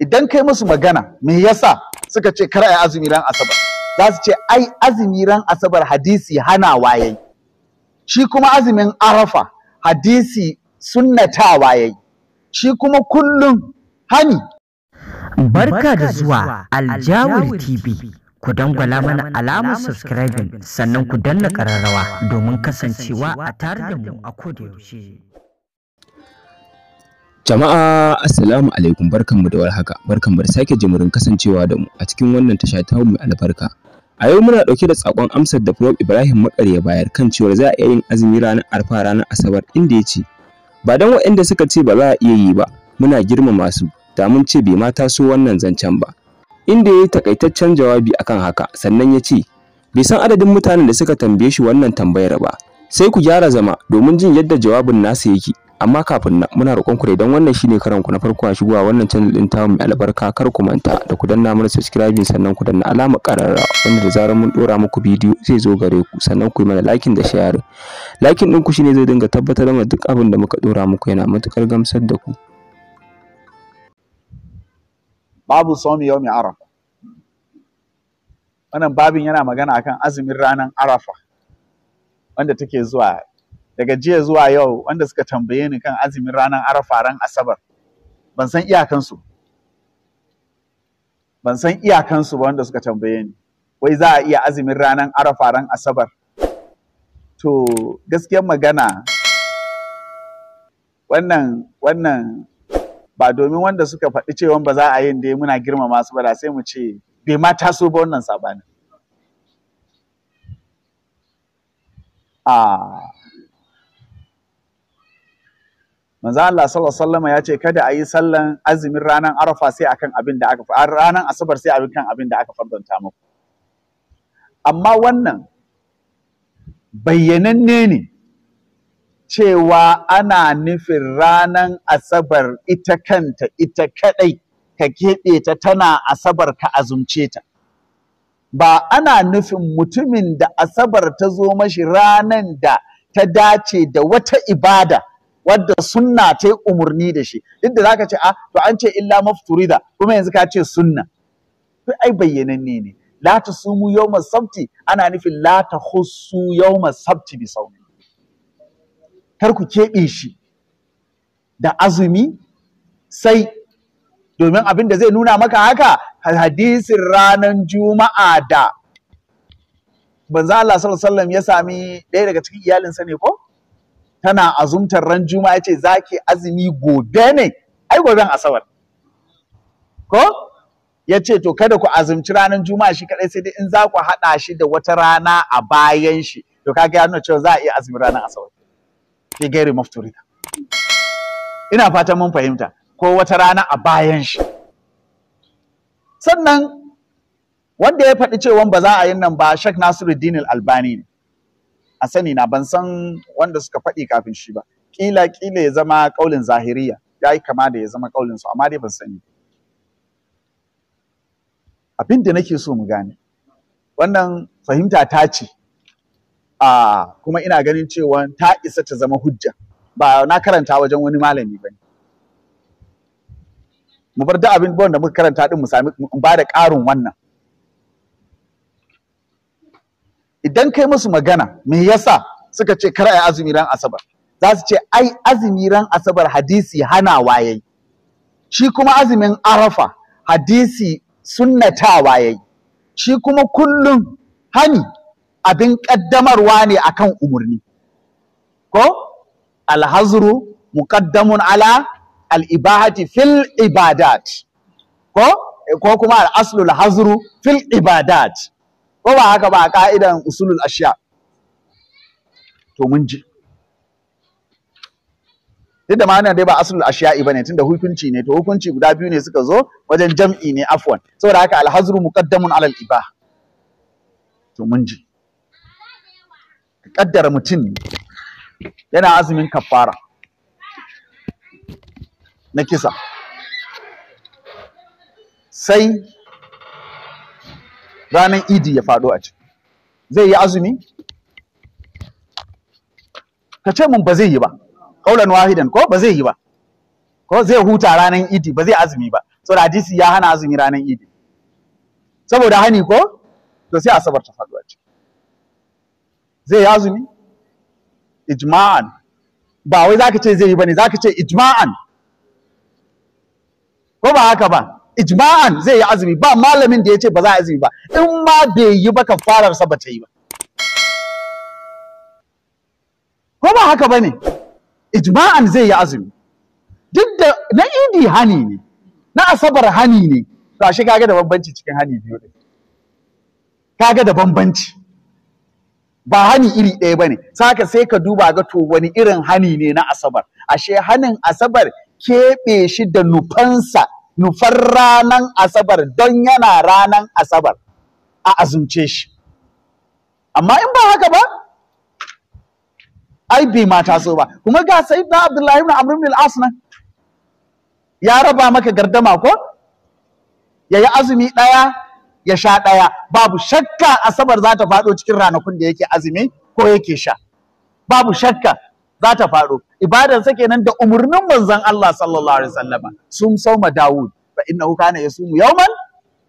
idan kai musu magana me yasa suka ce kar a yi azumi ran asabar za su ce ai azumi ran asabar hadisi hana wayai. shi kuma azumin arafa hadisi sunnata waye shi kuma kullum hani barka da zuwa aljawar tv ku dangwala mana alamar subscribing sannan ku danna kararrawa domin kasancewa a tare da mu a yaushe. Jama'a assalamu alaikum barkanmu da warhaka barkanmu da sake jimurin kasancewa da mu a cikin wannan tasha ta mu albarka a yau muna dauke da sakon amsar da Prof Ibrahim Makar ya bayar kan cewa za a iya yin azumi ranar Arfa ranar Asabar inda ya ce ba dan waɗanda suka ce ba za a iya yi ba muna girmama su da mun ce bai mata taso wannan zancen ba inda ya yi takaitaccen jawabi akan haka sannan ya ce bai san adadin mutanen da suka tambaye shi wannan tambayar ba sai ku gyara zama domin jin yadda jawabin nasa yake amma kafin nan muna roƙon ku idan wannan shine karan ku na farko a shigowa wannan channel din tamu mai albarka kar ku manta da ku danna mana subscribing sannan ku danna alamar ƙararra wanda da zarar mun ɗora muku bidiyo zai zo gare ku sannan ku yi mana liking da share liking ɗin ku shine zai dinga tabbatar mana duk abin da muka ɗora muku yana matuƙar gamsar da ku babu somi yawmi arafa wannan babin yana magana akan azumin ranar arafa wanda take zuwa daga jiya zuwa yau wanda suka tambaye ni kan azumin ranar arafa ran asabar ban san iyakansu ban san iyakansu ba wanda suka tambaye ni wai za a iya azumin ranar arafa ran asabar to gaskiyar magana wannan wannan ba domin wanda suka faɗi cewa ba za a yin dai muna girmama su ba da sai mu ce bai ma taso ba wannan sabanin. Ah. manzo Allah sallallahu alaihi wasallam ya ce kada a yi sallan azumin ranar Arafa sai akan abin da aka ranar Asabar sai akan abin da aka fardanta muku amma wannan bayyananne ne cewa ana nufin ranar Asabar ita kanta ita kadai ka keɓe ta tana Asabar ka azumce ta ba ana nufin mutumin da Asabar ta zo mashi ranan da ta dace da wata ibada wadda sunna ta yi umarni da shi duk da zaka ce a ah, to an ce illa mafturida kuma yanzu ka ce sunna to ai bayyananne ne la sumu yawma sabti ana nufin la tahussu yawma sabti bi sawmi kar ku keɓe shi da azumi sai domin abin da zai nuna maka haka hadisin ranar juma'a da banza Allah sallallahu alaihi wasallam ya sami ɗaya daga cikin iyalinsa ne ko tana azumtar ran juma'a ya ce za ki azumi gobe ne ai goben asabar ko ya ce to kada ku azumci ranar juma'a shi kadai sai dai in za ku haɗa shi da wata rana a bayan shi to kaga ya nuna cewa za a iya azumi ranar asabar fi gairi mafturita ina fatan mun fahimta ko wata rana a bayan shi sannan wanda ya faɗi cewa ba za a yin nan ba Sheikh Nasiruddin Al-Albani ne a sani na ban san wanda suka faɗi kafin shi ba kila kila ya zama kaulin zahiriya ya yi kama da ya zama kaulin su amma dai ban sani abin da nake so mu gane wannan fahimta ta ce a kuma ina ganin cewa ta isa ta zama hujja ba na karanta wajen wani malami ba mu bar da abin da muka karanta din mu sami ba da ƙarin wannan idan kai musu magana me yasa suka ce kar ai azumi ran asabar za su ce ai azumi ran asabar hadisi hana waye shi kuma azumin arafa hadisi sunnata yayi shi kuma kullun hani abin ƙaddamarwa ne akan umurni? ko alhazru muqaddamun ala al'ibahati fil ibadat ko ko kuma al'aslul hazru fil ibadat ko ba haka ba a ka'idan usulul ashiya to mun ji duk da ma'ana dai ba asulul ba ne tunda hukunci ne to hukunci guda biyu ne suka zo wajen jam'i ne afwan saboda haka alhazru muqaddamun alal ibah to mun ji kaddar mutum yana azumin kafara na kisa sai ranar idi ya faɗo a ciki zai yi azumi ka ce mun ba zai yi ba kaulan wahidan ko ba zai yi ba ko zai huta ranar idi ba zai azumi ba saboda hadisi ya hana azumi ranar idi saboda hani ko to sai asabar ta faɗo a ciki zai yi azumi ijma'an ba wai zaka ce zai yi bane zaka ce ijma'an ko ba haka ba ijma'an zai yi azumi ba malamin da ya ce ba za a azumi ba in ma bai yi ba sa ba ta yi ba ko ba haka ba ne ijma'an zai yi azumi duk da na idi hani ne na asabar hani ne ga shi kaga da bambanci cikin hani biyu din kaga da bambanci ba hani iri ɗaya bane, ne saka sai ka duba ga to wani irin hani ne na asabar ashe hanin asabar keɓe shi da nufansa nufar ranan asabar don yana ranan asabar a azumce shi amma in ba haka ba ai bai ma taso ba kuma ga sai na abdullahi na Amrin ibn as ya raba maka gardama ko Ya yi azumi ɗaya ya sha ɗaya. babu shakka asabar za ta faɗo cikin ranakun da yake azumi ko yake sha babu shakka za ta faɗo ibadan sa kenan da umurnin manzon Allah sallallahu alaihi wasallama sun sauma Dawud fa innahu kana yasumu yawman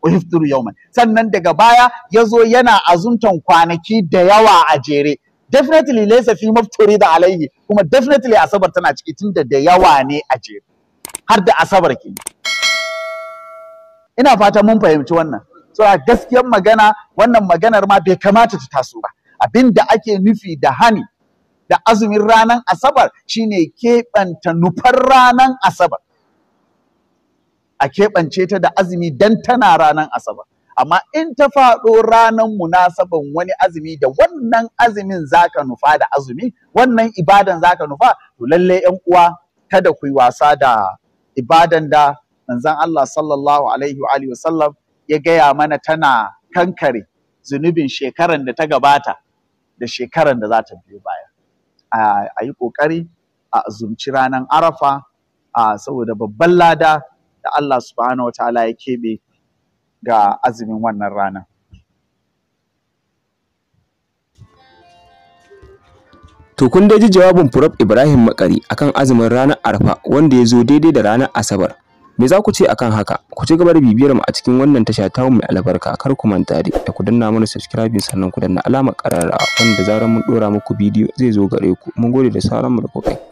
wa yafturu yawman sannan daga baya yazo yana azuntan kwanaki da yawa a jere definitely laysa fi mafturi da alaihi kuma definitely asabar tana ciki tunda da yawa ne a jere har da asabar ke ina fata mun fahimci wannan so a gaskiyar magana wannan maganar ma bai kamata ta taso ba abinda ake nufi da hani da azumin ranar asabar shine keɓanta nufar ranar asabar a keɓance ta da azumi dan tana ranar asabar amma in ta faɗo ranar munasaban wani azumi da wannan azumin zaka nufa da azumi wannan ibadan zaka nufa to lalle yan uwa kada ku yi wasa da ibadan da manzon Allah sallallahu alaihi wa sallam ya gaya mana tana kankare zunubin shekaran da ta gabata da shekaran da za ta biyo baya a yi ƙoƙari a zumci ranar arafa a saboda babban lada da Allah subhanahu wa ta'ala ya keɓe ga azumin wannan rana. To kun dai ji jawabin Prof Ibrahim Makari akan azumin ranar Arfa wanda ya zo daidai da ranar Asabar. Me za ku ce akan haka? Ku ci gaba da bibiyar mu a cikin wannan tasha ta mai albarka. Kar ku manta da ku danna mana subscribe sannan ku danna alamar ƙararrawa wanda zarar mun dora muku bidiyo zai zo gare ku. Mun gode da sauran mu da kokai.